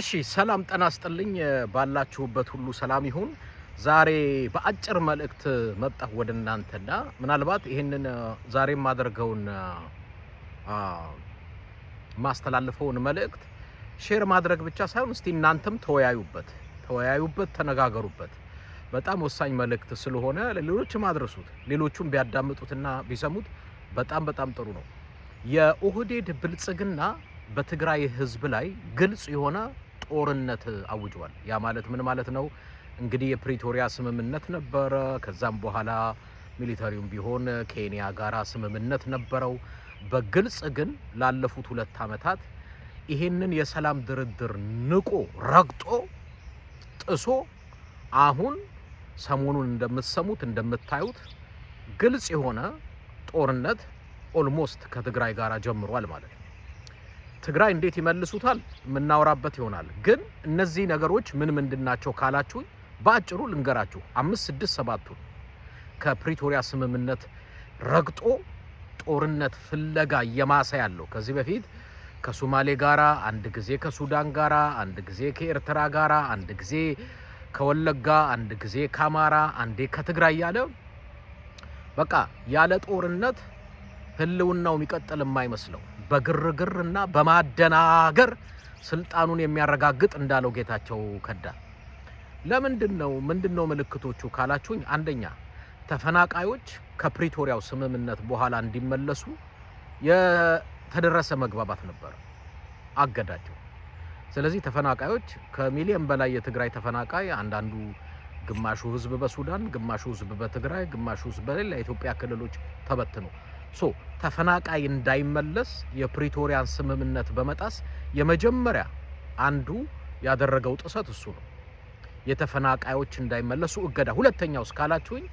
እሺ ሰላም ጤና ይስጥልኝ። ባላችሁበት ሁሉ ሰላም ይሁን። ዛሬ በአጭር መልእክት መጣሁ ወደ እናንተና ምናልባት ይህንን ዛሬ የማደርገውን የማስተላልፈውን መልእክት ሼር ማድረግ ብቻ ሳይሆን እስቲ እናንተም ተወያዩበት፣ ተወያዩበት፣ ተነጋገሩበት። በጣም ወሳኝ መልእክት ስለሆነ ለሌሎችም አድረሱት። ሌሎቹም ቢያዳምጡትና ቢሰሙት በጣም በጣም ጥሩ ነው። የኦህዴድ ብልጽግና በትግራይ ህዝብ ላይ ግልጽ የሆነ ጦርነት አውጇል። ያ ማለት ምን ማለት ነው? እንግዲህ የፕሪቶሪያ ስምምነት ነበረ። ከዛም በኋላ ሚሊተሪውም ቢሆን ኬንያ ጋር ስምምነት ነበረው። በግልጽ ግን ላለፉት ሁለት ዓመታት ይሄንን የሰላም ድርድር ንቆ ረግጦ ጥሶ አሁን ሰሞኑን እንደምትሰሙት እንደምታዩት ግልጽ የሆነ ጦርነት ኦልሞስት ከትግራይ ጋር ጀምሯል ማለት ነው። ትግራይ እንዴት ይመልሱታል የምናወራበት ይሆናል። ግን እነዚህ ነገሮች ምን ምንድን ናቸው ካላችሁኝ በአጭሩ ልንገራችሁ። አምስት ስድስት ሰባቱን ከፕሪቶሪያ ስምምነት ረግጦ ጦርነት ፍለጋ እየማሰ ያለው ከዚህ በፊት ከሶማሌ ጋራ አንድ ጊዜ ከሱዳን ጋራ አንድ ጊዜ ከኤርትራ ጋራ አንድ ጊዜ ከወለጋ አንድ ጊዜ ከአማራ አንዴ ከትግራይ ያለ በቃ ያለ ጦርነት ህልውናው የሚቀጥል የማይመስለው በግርግር እና በማደናገር ስልጣኑን የሚያረጋግጥ እንዳለው ጌታቸው ከዳ። ለምንድን ነው ምንድን ነው ምልክቶቹ ካላችሁኝ፣ አንደኛ ተፈናቃዮች ከፕሪቶሪያው ስምምነት በኋላ እንዲመለሱ የተደረሰ መግባባት ነበር፣ አገዳቸው። ስለዚህ ተፈናቃዮች ከሚሊዮን በላይ የትግራይ ተፈናቃይ አንዳንዱ ግማሹ ህዝብ በሱዳን፣ ግማሹ ህዝብ በትግራይ፣ ግማሹ ህዝብ በሌላ የኢትዮጵያ ክልሎች ተበትኖ ሶ ተፈናቃይ እንዳይመለስ የፕሪቶሪያን ስምምነት በመጣስ የመጀመሪያ አንዱ ያደረገው ጥሰት እሱ ነው። የተፈናቃዮች እንዳይመለሱ እገዳ። ሁለተኛው እስካላችሁኝ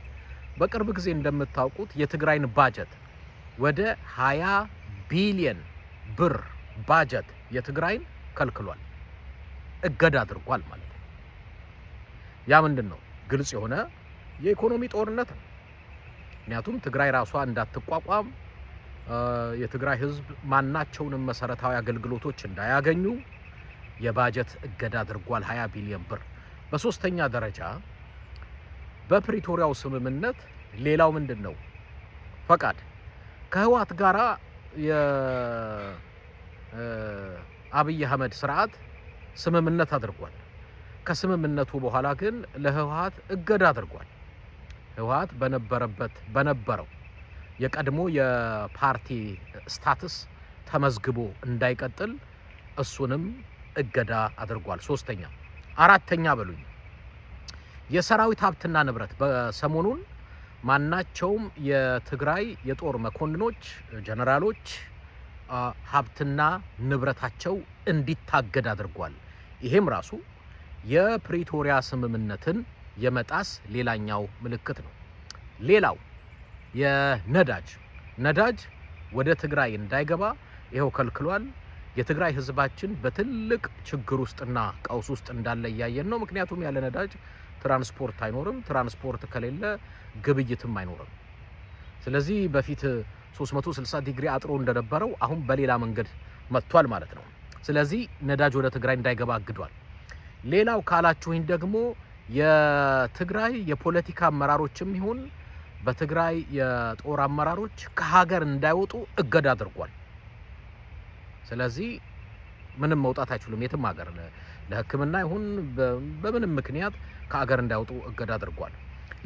በቅርብ ጊዜ እንደምታውቁት የትግራይን ባጀት ወደ 20 ቢሊየን ብር ባጀት የትግራይን ከልክሏል፣ እገዳ አድርጓል ማለት ነው። ያ ምንድን ነው? ግልጽ የሆነ የኢኮኖሚ ጦርነት ነው። ምክንያቱም ትግራይ ራሷ እንዳትቋቋም የትግራይ ህዝብ ማናቸውንም መሰረታዊ አገልግሎቶች እንዳያገኙ የባጀት እገዳ አድርጓል፣ 20 ቢሊዮን ብር። በሶስተኛ ደረጃ በፕሪቶሪያው ስምምነት ሌላው ምንድን ነው? ፈቃድ ከህወሓት ጋራ የአብይ አህመድ ስርዓት ስምምነት አድርጓል። ከስምምነቱ በኋላ ግን ለህወሓት እገዳ አድርጓል። ህወሓት በነበረበት በነበረው የቀድሞ የፓርቲ ስታትስ ተመዝግቦ እንዳይቀጥል እሱንም እገዳ አድርጓል። ሶስተኛ አራተኛ በሉኝ የሰራዊት ሀብትና ንብረት በሰሞኑን ማናቸውም የትግራይ የጦር መኮንኖች ጀነራሎች ሀብትና ንብረታቸው እንዲታገድ አድርጓል። ይሄም ራሱ የፕሪቶሪያ ስምምነትን የመጣስ ሌላኛው ምልክት ነው። ሌላው የነዳጅ ነዳጅ ወደ ትግራይ እንዳይገባ ይኸው ከልክሏል። የትግራይ ህዝባችን በትልቅ ችግር ውስጥና ቀውስ ውስጥ እንዳለ እያየን ነው። ምክንያቱም ያለ ነዳጅ ትራንስፖርት አይኖርም። ትራንስፖርት ከሌለ ግብይትም አይኖርም። ስለዚህ በፊት 360 ዲግሪ አጥሮ እንደነበረው አሁን በሌላ መንገድ መጥቷል ማለት ነው። ስለዚህ ነዳጅ ወደ ትግራይ እንዳይገባ አግዷል። ሌላው ካላችሁኝ ደግሞ የትግራይ የፖለቲካ አመራሮችም ይሁን በትግራይ የጦር አመራሮች ከሀገር እንዳይወጡ እገዳ አድርጓል። ስለዚህ ምንም መውጣት አይችሉም። የትም ሀገር ለሕክምና ይሁን በምንም ምክንያት ከሀገር እንዳይወጡ እገዳ አድርጓል።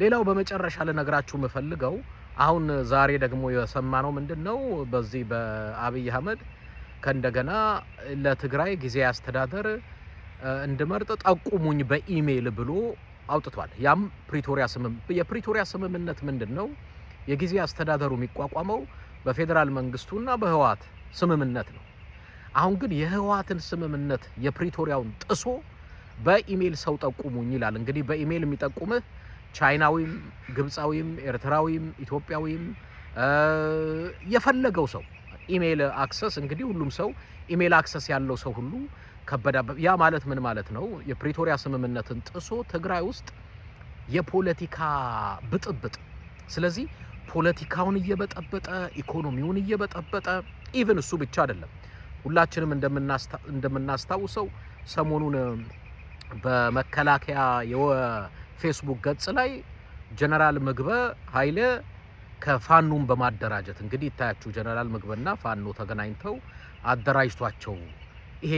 ሌላው በመጨረሻ ልነግራችሁ የምፈልገው አሁን ዛሬ ደግሞ የሰማነው ምንድን ነው? በዚህ በአብይ አህመድ ከእንደገና ለትግራይ ጊዜያዊ አስተዳደር እንድመርጥ ጠቁሙኝ በኢሜይል ብሎ አውጥቷል። ያም ፕሪቶሪያ ስምም የፕሪቶሪያ ስምምነት ምንድን ነው? የጊዜ አስተዳደሩ የሚቋቋመው በፌዴራል መንግስቱና በህወሓት ስምምነት ነው። አሁን ግን የህወሓትን ስምምነት የፕሪቶሪያውን ጥሶ በኢሜይል ሰው ጠቁሙኝ ይላል። እንግዲህ በኢሜይል የሚጠቁምህ ቻይናዊም፣ ግብፃዊም፣ ኤርትራዊም፣ ኢትዮጵያዊም የፈለገው ሰው ኢሜይል አክሰስ እንግዲህ ሁሉም ሰው ኢሜይል አክሰስ ያለው ሰው ሁሉ ከበደ ያ ማለት ምን ማለት ነው? የፕሪቶሪያ ስምምነትን ጥሶ ትግራይ ውስጥ የፖለቲካ ብጥብጥ፣ ስለዚህ ፖለቲካውን እየበጠበጠ ኢኮኖሚውን እየበጠበጠ ኢቭን እሱ ብቻ አይደለም። ሁላችንም እንደምናስታውሰው ሰሞኑን በመከላከያ የፌስቡክ ገጽ ላይ ጀነራል ምግበ ኃይለ ከፋኖን በማደራጀት እንግዲህ ይታያችሁ ጀነራል ምግበና ፋኖ ተገናኝተው አደራጅቷቸው ይሄ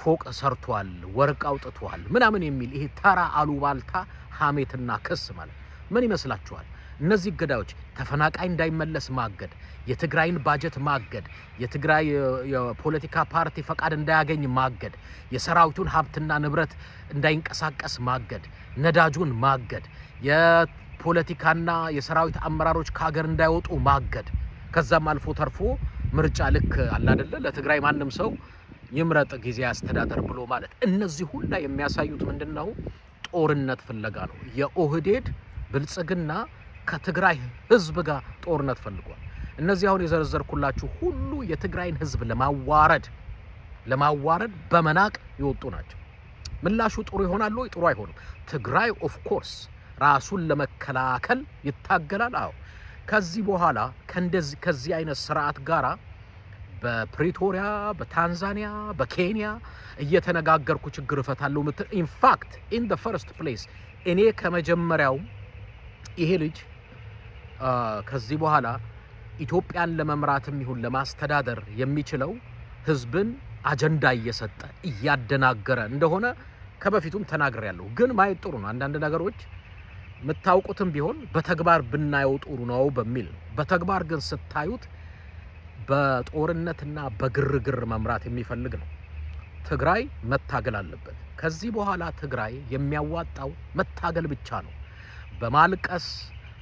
ፎቅ ሰርቷል፣ ወርቅ አውጥቷል ምናምን የሚል ይሄ ተራ አሉባልታ ሀሜትና ክስ ማለት ምን ይመስላችኋል? እነዚህ ገዳዮች ተፈናቃይ እንዳይመለስ ማገድ፣ የትግራይን ባጀት ማገድ፣ የትግራይ የፖለቲካ ፓርቲ ፈቃድ እንዳያገኝ ማገድ፣ የሰራዊቱን ሀብትና ንብረት እንዳይንቀሳቀስ ማገድ፣ ነዳጁን ማገድ፣ የፖለቲካና የሰራዊት አመራሮች ከሀገር እንዳይወጡ ማገድ፣ ከዛም አልፎ ተርፎ ምርጫ ልክ አላደለ ለትግራይ ማንም ሰው ይምረጥ ጊዜ አስተዳደር ብሎ ማለት እነዚህ ሁላ የሚያሳዩት ምንድን ነው? ጦርነት ፍለጋ ነው። የኦህዴድ ብልጽግና ከትግራይ ህዝብ ጋር ጦርነት ፈልጓል። እነዚህ አሁን የዘረዘርኩላችሁ ሁሉ የትግራይን ህዝብ ለማዋረድ ለማዋረድ በመናቅ የወጡ ናቸው። ምላሹ ጥሩ ይሆናል ወይ? ጥሩ አይሆንም። ትግራይ ኦፍ ኮርስ ራሱን ለመከላከል ይታገላል። አዎ ከዚህ በኋላ ከዚህ አይነት ስርዓት ጋራ በፕሪቶሪያ፣ በታንዛኒያ፣ በኬንያ እየተነጋገርኩ ችግር እፈታለሁ ምትል ኢንፋክት ኢን ደ ፈርስት ፕሌስ እኔ ከመጀመሪያው ይሄ ልጅ ከዚህ በኋላ ኢትዮጵያን ለመምራትም ይሁን ለማስተዳደር የሚችለው ህዝብን አጀንዳ እየሰጠ እያደናገረ እንደሆነ ከበፊቱም ተናግሬያለሁ። ግን ማየት ጥሩ ነው። አንዳንድ ነገሮች የምታውቁትም ቢሆን በተግባር ብናየው ጥሩ ነው በሚል ነው። በተግባር ግን ስታዩት በጦርነትና በግርግር መምራት የሚፈልግ ነው። ትግራይ መታገል አለበት። ከዚህ በኋላ ትግራይ የሚያዋጣው መታገል ብቻ ነው። በማልቀስ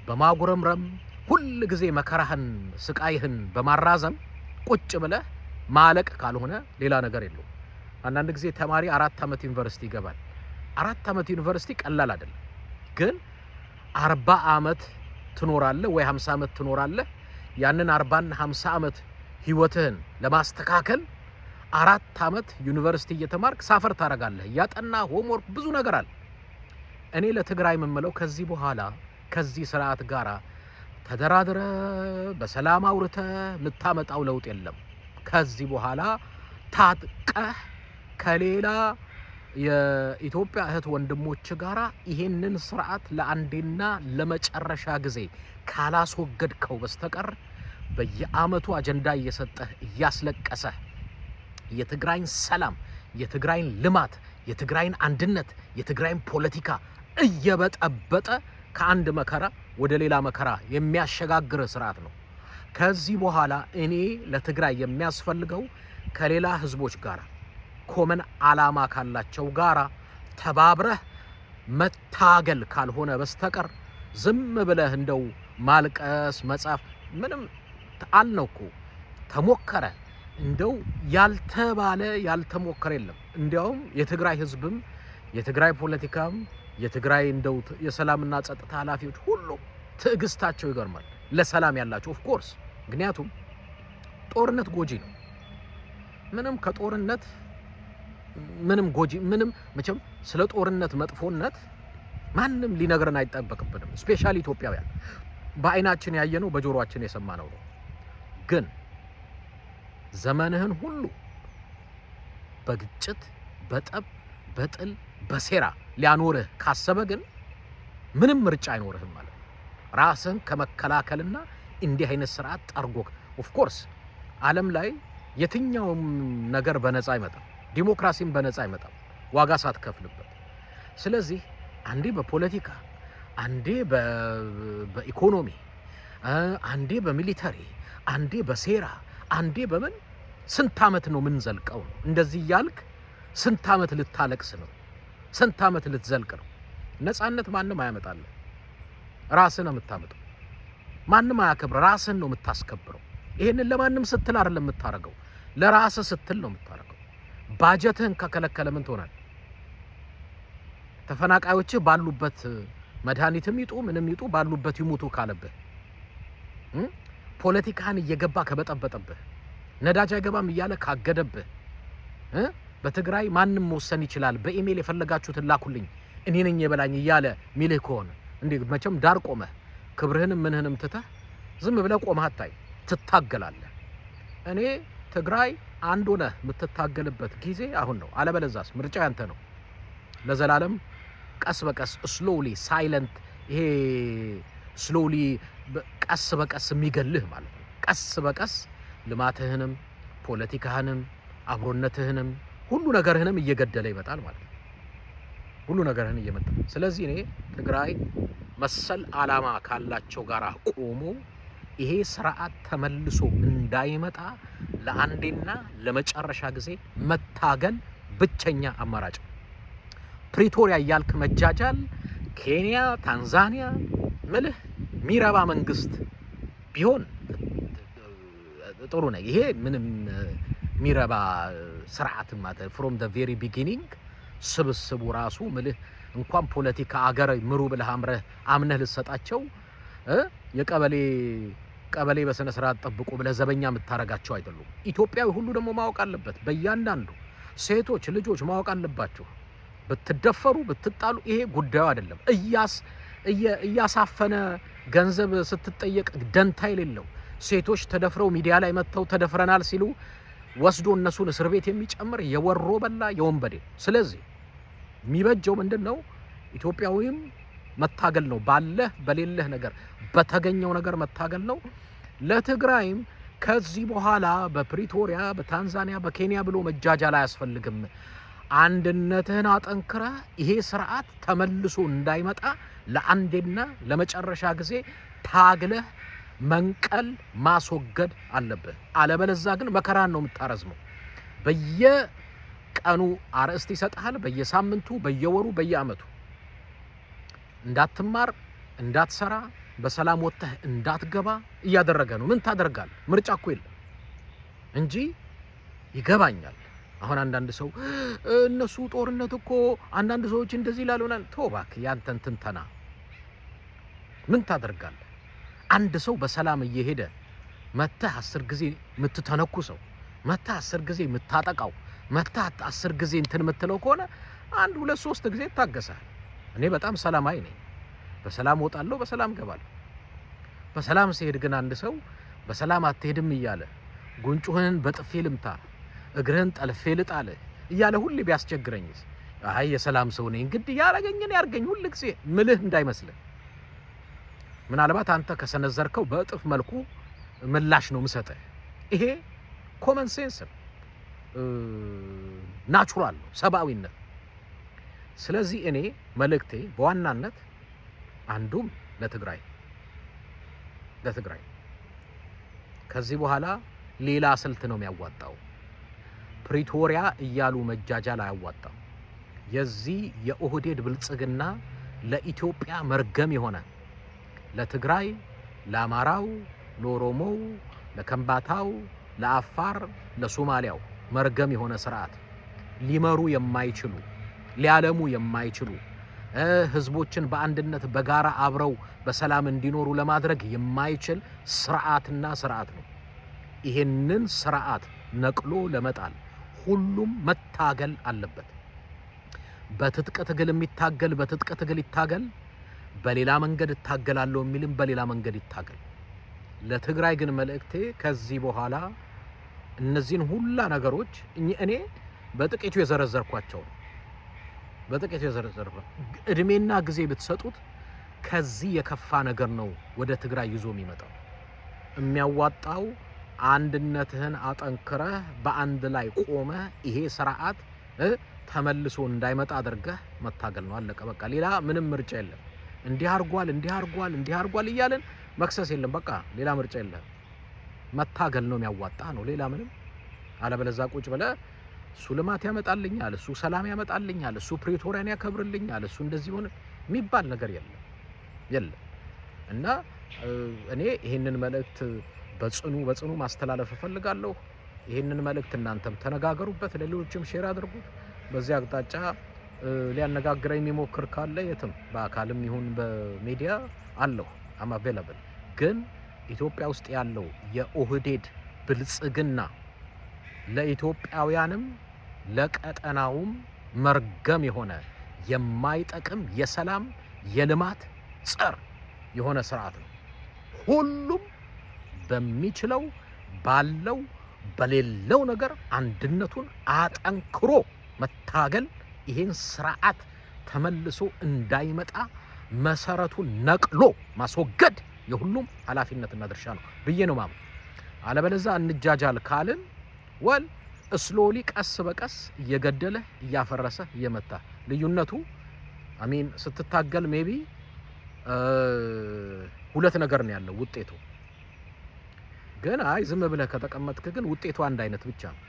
በማጉረምረም ሁል ጊዜ መከራህን ስቃይህን በማራዘም ቁጭ ብለህ ማለቅ ካልሆነ ሌላ ነገር የለው። አንዳንድ ጊዜ ተማሪ አራት ዓመት ዩኒቨርሲቲ ይገባል። አራት ዓመት ዩኒቨርሲቲ ቀላል አይደለም። ግን አርባ ዓመት ትኖራለህ ወይ ሀምሳ ዓመት ትኖራለህ። ያንን አርባና ሀምሳ ዓመት ህይወትህን ለማስተካከል አራት አመት ዩኒቨርሲቲ እየተማርክ ሳፈር ታረጋለህ። ያጠና ሆምወርክ ብዙ ነገር አለ። እኔ ለትግራይ የምምለው ከዚህ በኋላ ከዚህ ስርዓት ጋር ተደራድረ በሰላም አውርተ የምታመጣው ለውጥ የለም። ከዚህ በኋላ ታጥቀህ ከሌላ የኢትዮጵያ እህት ወንድሞች ጋር ይሄንን ስርዓት ለአንዴና ለመጨረሻ ጊዜ ካላስወገድከው በስተቀር በየአመቱ አጀንዳ እየሰጠህ እያስለቀሰህ የትግራይን ሰላም፣ የትግራይን ልማት፣ የትግራይን አንድነት፣ የትግራይን ፖለቲካ እየበጠበጠ ከአንድ መከራ ወደ ሌላ መከራ የሚያሸጋግር ስርዓት ነው። ከዚህ በኋላ እኔ ለትግራይ የሚያስፈልገው ከሌላ ህዝቦች ጋር ኮመን አላማ ካላቸው ጋራ ተባብረህ መታገል ካልሆነ በስተቀር ዝም ብለህ እንደው ማልቀስ መጻፍ ምንም ሁለት አለው እኮ ተሞከረ። እንደው ያልተባለ ያልተሞከረ የለም። እንዲያውም የትግራይ ህዝብም የትግራይ ፖለቲካም የትግራይ እንደው የሰላምና ጸጥታ ኃላፊዎች ሁሉ ትዕግስታቸው ይገርማል። ለሰላም ያላቸው ኦፍ ኮርስ ምክንያቱም ጦርነት ጎጂ ነው። ምንም ከጦርነት ምንም ጎጂ ምንም መቼም ስለ ጦርነት መጥፎነት ማንም ሊነግረን አይጠበቅብንም። ስፔሻሊ ኢትዮጵያውያን በአይናችን ያየነው በጆሮአችን የሰማነው ነው። ግን ዘመንህን ሁሉ በግጭት፣ በጠብ፣ በጥል፣ በሴራ ሊያኖርህ ካሰበ ግን ምንም ምርጫ አይኖርህም ማለት ነው። ራስህን ከመከላከልና እንዲህ አይነት ስርዓት ጠርጎክ ኦፍኮርስ ዓለም ላይ የትኛውም ነገር በነፃ አይመጣም። ዲሞክራሲም በነፃ አይመጣም ዋጋ ሳትከፍልበት። ስለዚህ አንዴ በፖለቲካ አንዴ በኢኮኖሚ አንዴ በሚሊተሪ አንዴ በሴራ አንዴ በምን ስንት አመት ነው ዘልቀው ነው? እንደዚህ እያልክ ስንት አመት ልታለቅስ ነው? ስንት አመት ልትዘልቅ ነው? ነፃነት ማንም አያመጣልህ። ራስህ ነው የምታመጣው። ማንም አያከብር። ራስህን ነው የምታስከብረው። ይህንን ለማንም ስትል አይደለም የምታደርገው፣ ለራስህ ስትል ነው የምታደርገው። ባጀትህን ከከለከለ ምን ትሆናል? ተፈናቃዮች ባሉበት መድኃኒትም ይጡ ምንም ይጡ ባሉበት ይሞቱ ካለብህ ፖለቲካህን እየገባ ከበጠበጠብህ፣ ነዳጅ አይገባም እያለ ካገደብህ፣ በትግራይ ማንም መወሰን ይችላል፣ በኢሜይል የፈለጋችሁትን ላኩልኝ፣ እኔ ነኝ የበላኝ እያለ ሚልህ ከሆነ እንዴ መቼም ዳር ቆመህ ክብርህንም ምንህንም ትተህ ዝም ብለህ ቆመህ አታይ፣ ትታገላለህ። እኔ ትግራይ አንድ ሆነህ የምትታገልበት ጊዜ አሁን ነው። አለበለዛስ ምርጫ ያንተ ነው ለዘላለም። ቀስ በቀስ ስሎውሊ ሳይለንት ይሄ ስሎሊ ቀስ በቀስ የሚገልህ ማለት ነው። ቀስ በቀስ ልማትህንም ፖለቲካህንም አብሮነትህንም ሁሉ ነገርህንም እየገደለ ይመጣል ማለት ነው። ሁሉ ነገርህን እየመጣ ስለዚህ እኔ ትግራይ መሰል አላማ ካላቸው ጋር ቆሞ ይሄ ስርዓት ተመልሶ እንዳይመጣ ለአንዴና ለመጨረሻ ጊዜ መታገል ብቸኛ አማራጭ ፕሪቶሪያ እያልክ መጃጃል ኬንያ፣ ታንዛኒያ ምልህ የሚረባ መንግስት ቢሆን ጥሩ ነው። ይሄ ምንም የሚረባ ስርዓት ማተ ፍሮም ደ ቬሪ ቢጊኒንግ ስብስቡ ራሱ ምልህ እንኳን ፖለቲካ አገር ምሩ ብለህ አምረህ አምነህ ልሰጣቸው የቀበሌ ቀበሌ በስነ ስርዓት ጠብቁ ብለህ ዘበኛ የምታረጋቸው አይደሉም። ኢትዮጵያዊ ሁሉ ደግሞ ማወቅ አለበት። በእያንዳንዱ ሴቶች ልጆች ማወቅ አለባችሁ። ብትደፈሩ ብትጣሉ፣ ይሄ ጉዳዩ አይደለም። እያስ እያሳፈነ ገንዘብ ስትጠየቅ ደንታ የሌለው ሴቶች ተደፍረው ሚዲያ ላይ መጥተው ተደፍረናል ሲሉ ወስዶ እነሱን እስር ቤት የሚጨምር የወሮ በላ የወንበዴ። ስለዚህ የሚበጀው ምንድን ነው? ኢትዮጵያዊም መታገል ነው። ባለህ በሌለህ ነገር በተገኘው ነገር መታገል ነው። ለትግራይም ከዚህ በኋላ በፕሪቶሪያ፣ በታንዛኒያ፣ በኬንያ ብሎ መጃጃል አያስፈልግም። አንድነትህን አጠንክረህ ይሄ ስርዓት ተመልሶ እንዳይመጣ ለአንዴና ለመጨረሻ ጊዜ ታግለህ መንቀል ማስወገድ አለብህ። አለበለዛ ግን መከራን ነው የምታረዝመው። በየቀኑ አርዕስት ይሰጥሃል፣ በየሳምንቱ፣ በየወሩ፣ በየአመቱ እንዳትማር፣ እንዳትሰራ፣ በሰላም ወጥተህ እንዳትገባ እያደረገ ነው። ምን ታደርጋል? ምርጫ እኮ የለም እንጂ ይገባኛል አሁን አንዳንድ ሰው እነሱ ጦርነት እኮ አንዳንድ ሰዎች እንደዚህ ይላሉ ምናምን። ተው እባክህ ያንተን ትንተና ምን ታደርጋለህ? አንድ ሰው በሰላም እየሄደ መተህ አስር ጊዜ የምትተነኩሰው መተህ አስር ጊዜ የምታጠቃው መተህ አስር ጊዜ እንትን የምትለው ከሆነ አንድ ሁለት ሶስት ጊዜ ይታገሳል። እኔ በጣም ሰላማዊ ነኝ። በሰላም ወጣለሁ፣ በሰላም ገባለሁ። በሰላም ሲሄድ ግን አንድ ሰው በሰላም አትሄድም እያለ ጉንጩህን በጥፌ ልምታ እግርህን ጠልፌ ልጣልህ እያለ ሁሌ ቢያስቸግረኝ፣ አይ የሰላም ሰው ነኝ፣ ግድ ያረገኝን ያርገኝ ሁል ጊዜ ምልህ እንዳይመስልህ። ምናልባት አንተ ከሰነዘርከው በእጥፍ መልኩ ምላሽ ነው ምሰጥህ። ይሄ ኮመን ሴንስ ነው፣ ናቹራል ነው፣ ሰብአዊነት። ስለዚህ እኔ መልእክቴ በዋናነት አንዱም ለትግራይ ለትግራይ ከዚህ በኋላ ሌላ ስልት ነው የሚያዋጣው ፕሪቶሪያ እያሉ መጃጃል አያዋጣም። የዚህ የኦህዴድ ብልጽግና ለኢትዮጵያ መርገም የሆነ ለትግራይ፣ ለአማራው፣ ለኦሮሞው፣ ለከምባታው፣ ለአፋር፣ ለሶማሊያው መርገም የሆነ ስርዓት ሊመሩ የማይችሉ ሊያለሙ የማይችሉ ህዝቦችን በአንድነት በጋራ አብረው በሰላም እንዲኖሩ ለማድረግ የማይችል ስርዓትና ስርዓት ነው። ይሄንን ስርዓት ነቅሎ ለመጣል ሁሉም መታገል አለበት። በትጥቅ ትግል የሚታገል በትጥቅ ትግል ይታገል፣ በሌላ መንገድ እታገላለሁ የሚልም በሌላ መንገድ ይታገል። ለትግራይ ግን መልእክቴ ከዚህ በኋላ እነዚህን ሁላ ነገሮች እኔ በጥቂቱ የዘረዘርኳቸው ነው። በጥቂቱ የዘረዘርኳቸው እድሜና ጊዜ ብትሰጡት ከዚህ የከፋ ነገር ነው ወደ ትግራይ ይዞ የሚመጣው የሚያዋጣው አንድነትህን አጠንክረህ በአንድ ላይ ቆመህ ይሄ ስርዓት ተመልሶ እንዳይመጣ አድርገህ መታገል ነው። አለቀ በቃ። ሌላ ምንም ምርጫ የለም። እንዲህ አርጓል፣ እንዲህ አርጓል፣ እንዲህ አርጓል እያለን መክሰስ የለም። በቃ ሌላ ምርጫ የለም። መታገል ነው የሚያዋጣ ነው። ሌላ ምንም አለበለዛ ቁጭ ብለህ እሱ ልማት ያመጣልኛል፣ እሱ ሰላም ያመጣልኛል፣ እሱ ፕሬቶሪያን ያከብርልኛል፣ እሱ እንደዚህ ሆነ የሚባል ነገር የለም የለም። እና እኔ ይህንን መልእክት በጽኑ በጽኑ ማስተላለፍ እፈልጋለሁ። ይህንን መልእክት እናንተም ተነጋገሩበት፣ ለሌሎችም ሼር አድርጉት። በዚህ አቅጣጫ ሊያነጋግረ የሚሞክር ካለ የትም በአካልም ይሁን በሚዲያ አለሁ አም ግን ኢትዮጵያ ውስጥ ያለው የኦህዴድ ብልጽግና ለኢትዮጵያውያንም ለቀጠናውም መርገም የሆነ የማይጠቅም የሰላም የልማት ጸር የሆነ ስርዓት ነው ሁሉም በሚችለው ባለው በሌለው ነገር አንድነቱን አጠንክሮ መታገል ይሄን ስርዓት ተመልሶ እንዳይመጣ መሰረቱን ነቅሎ ማስወገድ የሁሉም ኃላፊነትና ድርሻ ነው ብዬ ነው ማሙ። አለበለዛ እንጃጃል ካልን ወል እስሎሊ ቀስ በቀስ እየገደለ እያፈረሰ እየመታ ልዩነቱ አሚን ስትታገል ሜቢ ሁለት ነገር ነው ያለው ውጤቱ ግን አይ ዝም ብለህ ከተቀመጥክ ግን ውጤቱ አንድ አይነት ብቻ ነው።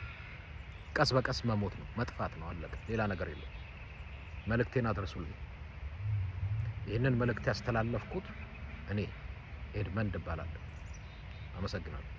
ቀስ በቀስ መሞት ነው፣ መጥፋት ነው። አለቀ። ሌላ ነገር የለም። መልእክቴን አድርሱልኝ። ይህንን መልእክት ያስተላለፍኩት እኔ ኤድመንድ እባላለሁ። አመሰግናለሁ።